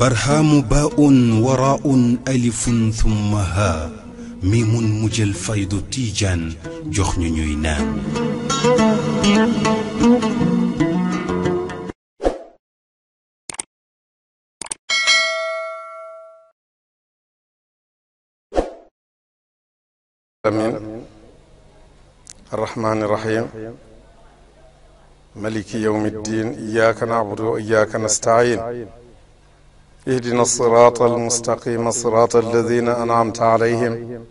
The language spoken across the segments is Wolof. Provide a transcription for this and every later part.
برهام باء وراء ألف ثم ها ميم مجل فيض تيجان جخن نينان آمين الرحمن الرحيم ملك يوم الدين إياك نعبد وإياك نستعين اهدنا الصراط المستقيم صراط الذين أنعمت عليهم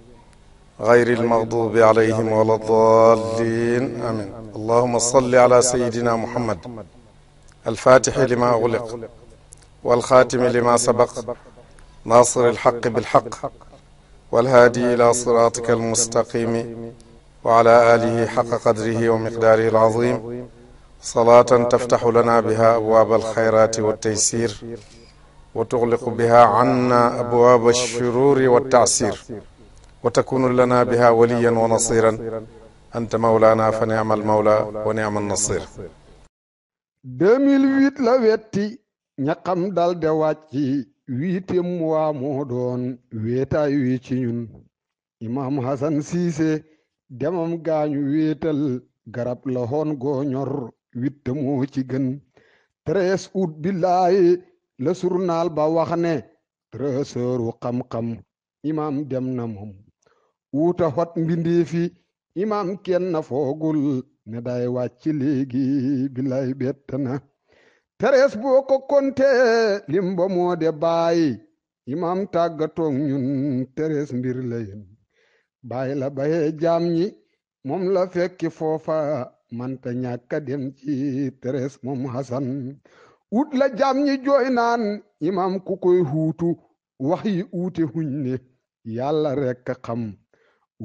غير المغضوب عليهم ولا الضالين آمين اللهم صل على سيدنا محمد الفاتح لما أغلق والخاتم لما سبق ناصر الحق بالحق والهادي إلى صراطك المستقيم وعلى آله حق قدره ومقداره العظيم صلاة تفتح لنا بها أبواب الخيرات والتيسير وتغلق بها عنا أبواب الشرور والتعسير وتكون لنا بها وليا ونصيرا أنت مولانا فنعم المولى ونعم النصير 2008 لا ويتي نقم دال دواتي ويتي موا مودون ويتا ويتي نون le journal ba wax ne trésor wu imaam dem na moom wuuta xot mbindeefi imaam kenn na foogul ne day wàcc léegi bilay bett na terees boo ko konte limba moo de bàyyi imaam tàggatoog ñun terees mbir la yen la bayee jaam ñi moom la fekki foofa manta ñàkka dem ci terees moom hasan ut la jam ñi jooy naan imam ku koy huutu wax yi uute huñ ne yàlla rekk xam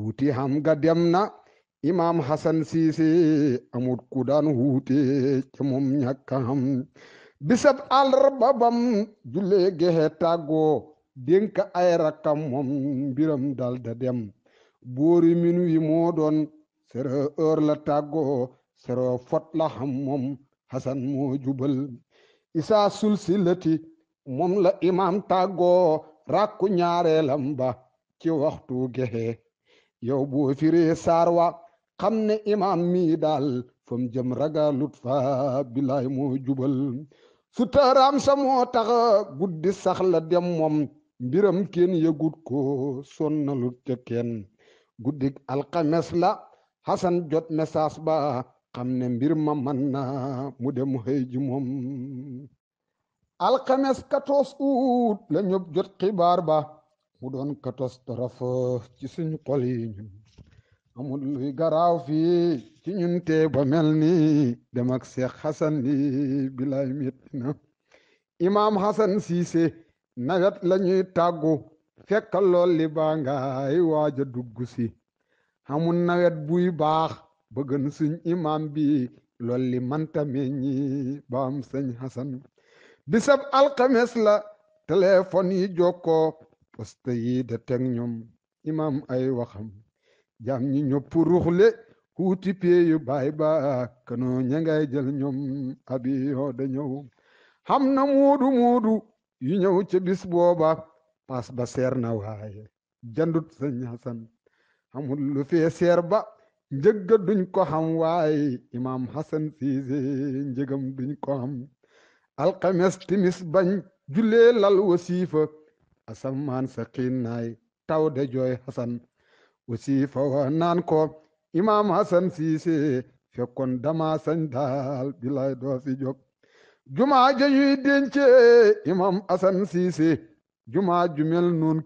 uuti xam ga dem na imam hasan siise amut ku daan huute ca moom ñàkka xam bisab àllarba bam jullee gexe tàggoo dénk ay rakkam moom mbiram dal da dem boori minu yi moo doon sero heure la tàggoo sero fot la hasan moo jubal isaa sulsilati moom la imaam tàggoo rakku ñaareelam ba ci waxtu gexe yow boo firee saar wa xam ne imaam mii daal fam jëm ragalut fa bilaay moo jubal su tëraam sa moo tax guddi sax la dem moom mbiram kenn yëgut ko sonnalut ca kenn guddik alxames la xasan jot message ba xam ne mbir ma man na mu dem xëy ji moom alxames 14 août jot xibaar ba mu doon catastrophe ci suñu xol yi ñun amul luy garaaw fi ci ñun te ba mel ni dem ak Seex Xasan li metti na imaam Xasan Siise nawet lañuy ñuy tàggu fekk li baa ngaay waaj a dugg si amul nawet buy baax bëgg nu suñ imam bi lool li manta meññi baam sëñ Hasan bisab alxames la téléphone yi jokkoo poste yii de teg ñoom imam ay waxam jam ñi ñëpp ruxle wuuti pee yu baay ba kanoo ña ngay jël ñoom abi yoo da ñëw xam na muudu muudu yu ñëw ca bis booba paas ba seer na waaye jandut sëñ Hasan xamul lu seer ba njëgga duñ ko xam waaye imaam Hassan Cissé njëgam duñ ko xam alxames timis bañ jullee lal wasiifa asamaan sa xiin naay taw de jooy Hassan wasiifa wa naan ko imaam Hassan Cissé fekkoon dama sañ daal bilaay doo fi jóg jumaa ja ñuy dencee imaam Hassan Cissé jumaa ju mel noon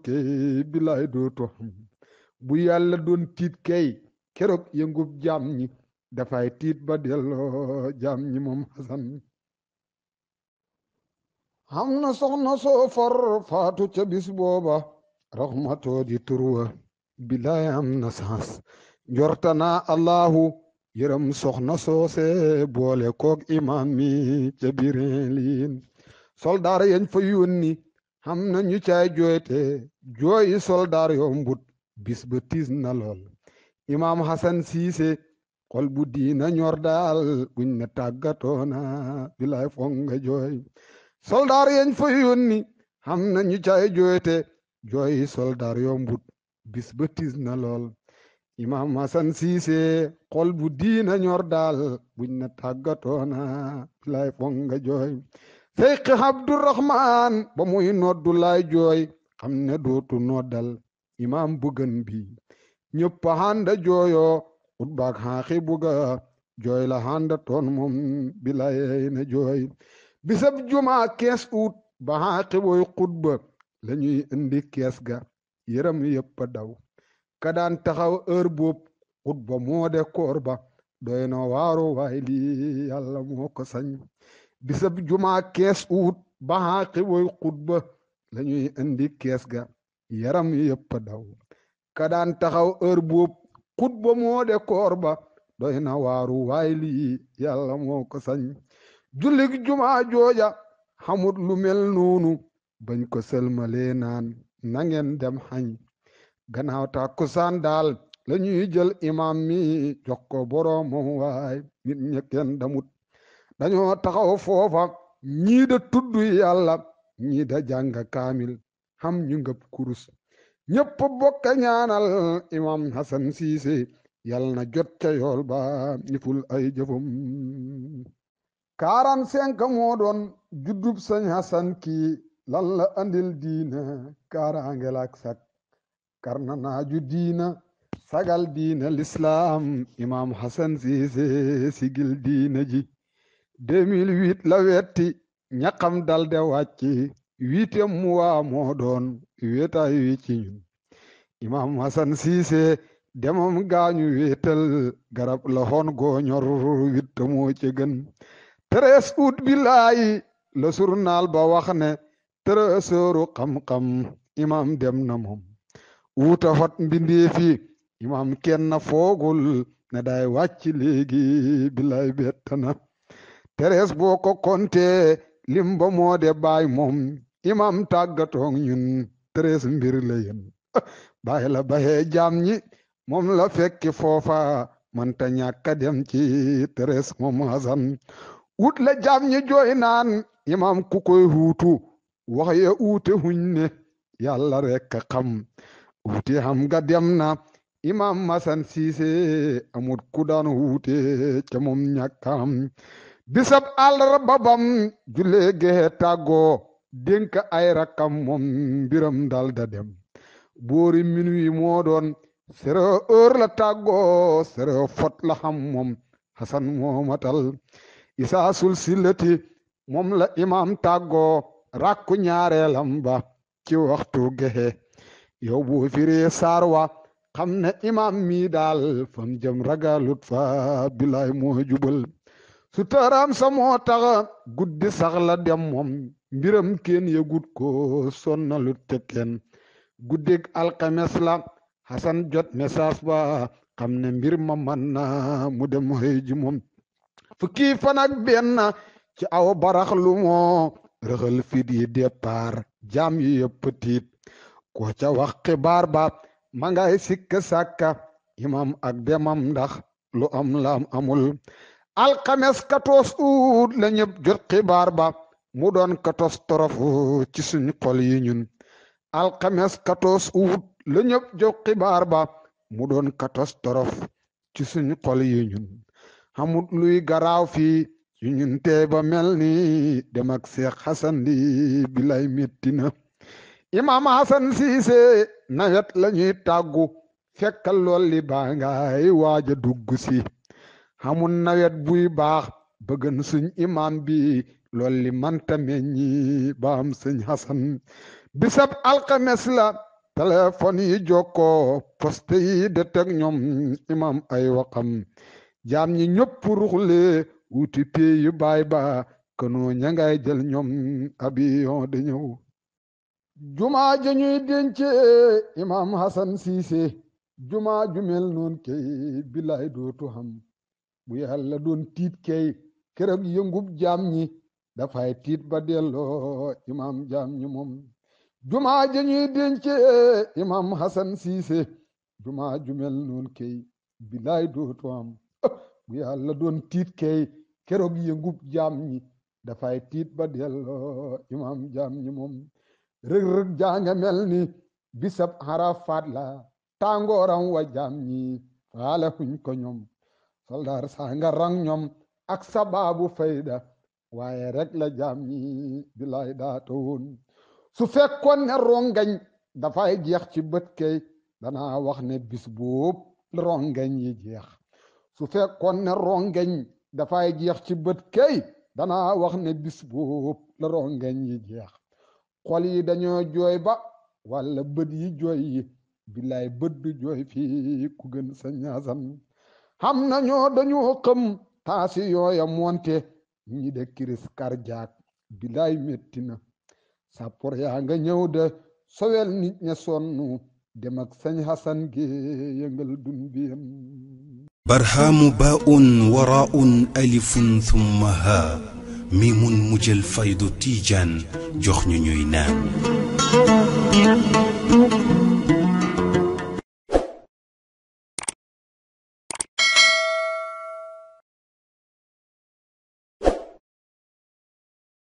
bilaay doo to xam bu yàlla doon tiit kay keroog yëngub jaam ñi dafay tiit ba delloo jaam ñi moom xasan am na soxna soo far faatu ca booba raxmatoo di turwa bilaay am na saas njortana allahu yërëm soxna soose boole koog imaam mi ca birin liin soldaar yañ fa yónni xam na ñu caay jooyte jooyi soldaar yoo mbut bis na lool imaam Hassan Cissé xol bu diina ñor daal buñ ne tàggatoona bilaay foog nga jooy soldaar yeñ fa yónni xam na ñu caay jooyte jooyi soldaar yombut bis ba tis na lool imaam Hassan Cissé xol bu diina ñor daal buñ ne tàggatoona bilaay foog nga jooy seyqi Abdurahmaan ba muy noddu laay jooy xam na dootu noddal imaam bu gën bi ñëpp handa jooyo ut baak xaaxi buga jooy la handa toon moom bilay na jooy bisab juma kees ut ba xaaxi booy xutba la ñuy indi kees ga yaram yëpp a daw ka daan taxaw heure boob xutba moo de koor ba doy na waaru waay li yàlla moo ko sañ bisab juma kees ut ba xaaxi booy xutba la ñuy indi kees ga yaram yëpp a daw kadaan daan taxaw heure buub xut ba moo koor ba doy na waaru waay lii yàlla moo ko sañ jumaa jooja xamut lu mel noonu bañ ko sëlmalee naan na ngeen dem xañ gannaaw tàkkusaan daal la jël imam mi jox ko boroomam waay nit ña kenn damut dañoo taxaw foofa ñii da tudd yàlla ñii jàng kaamil xam ñu ngëb ñëpp bokk ñaanal imam Hassan Cissé yal na jot ca yool ba ñu ful ay jëfam quarante cinq moo doon juddub sëñ Hassan kii lan la andil diina kaaraangel ak sak karna naaju diina sagal diina lislaam imam Hassan Cissé sigil diina ji 2008 la wetti ñaqam dal de huitième mois moo doon wéetaayu wi ci ñun imam Hassan demam gaañu wéetal garab la xoon goo witta moo ci gën treize août billaayi la journal ba wax ne tresooru xam-xam imam dem na moom wuuta fat mbindeefi imam kenn foogul ne day wàcc léegi billaay bettana treize boo ko konte limba moode ɓaay mom imam taggatong ñun tres mbir la yen baye la bahee jaam ñi mom la fekki foofa manta ñàkka dem ci tres mom hasan ut la jaam ñi jooy naan imam ku koy huutu wax ya uute huñ ne yàlla rekk xam uuti xam nga dem na imam masan siise amut ku daan huute ca mom ñàkkaam bisab àllarba bam julee gee tàggoo dénk ay rakkam moom mbiram dal da dem boori minuit moo doon sere heure la tàggoo sere fot la xam moom hasan moo matal isaa sul sillati moom la imam tàggoo rakku ñaareelam ba ci waxtu gexe yow bu firee saarwa xam ne imam mii daal fam jëm ragalut fa bilaay moo jubal Sutaram samo moo taxa guddi sax la dem mom mbiram ken yegut ko sonnalu tekken kenn guddig la hasan jot message ba xamne mbir ma man na mu dem xëy ji fukki fan ak ci aw barax lu mo rëxal fi di départ jam yi petit ko ca wax xibar ba ma ngay sikka saka imam ak demam ndax lu am la amul alxames 14 août la ñëpp jot xibaar ba mu doon catastrophe ci suñ xol yi ñun alxames 14 août la ñëpp ba mu doon catastrophe ci suñ xol yi ñun luy garaaw fii yu ñun ba mel ni dem ak Seex Xasan di bilay metti na imaam Xasan Siise nawet la ñuy tàggu fekkal baa ngay waaj a dugg si amul nawet buy baax bëggan suñ imam bi lool li manta meññi ba am sëñ Xasan bisab alxames la téléphone yi jokkoo poste yi de teg ñoom imam ay waxam jaam ñi ñëpp ruxle wuti pie yu baay ba kanoo ña ngay jël ñoom abiyon de ñëw jumaa ja ñuy dence imam Siise jumaa ju mel noon kay bilaay dootu xam bu yàlla doon tiit kay keroog yëngub jaam ñi dafay tiit ba delloo imaam jaam ñi moom jumaa ja ñuy denc Hasan Siise jumaa ju noon kay bilaay dootu am bu yàlla doon tiit kay keroog yëngub jaam ñi dafay tiit ba delloo imaam jaam ñi moom rëg-rëg jaa mel ni bisab xara faat la tàngooram wa jaam ñi faale xuñ ko ñoom soldaar saa rang ñoom ak sababu fayda waaye rek la jaam ñi bilaay daatoon su fekkoon ne rongañ dafay jeex ci bët kay danaa wax ne bis boob la rongañ yi jeex su fekkoon ne rongañ dafay jeex ci bët këy danaa wax ne bis boob la rongañ yi jeex xol yi dañoo jooy ba walla bët yi jooy yi bilaay bët du jooy fi ku gën sa ñaasam xam na ñoo dañoo xëm taasi yooya moonte ñi de kiris karjaak bilaay metti na sàppor yaa nga ñëw de sowel nit ña sonnu dem ak sañ xasan gi yëngal dun biyam barhaamu baun waraun alifun thumma ha mi mun faydu tiijaan jox ñu ñuy naan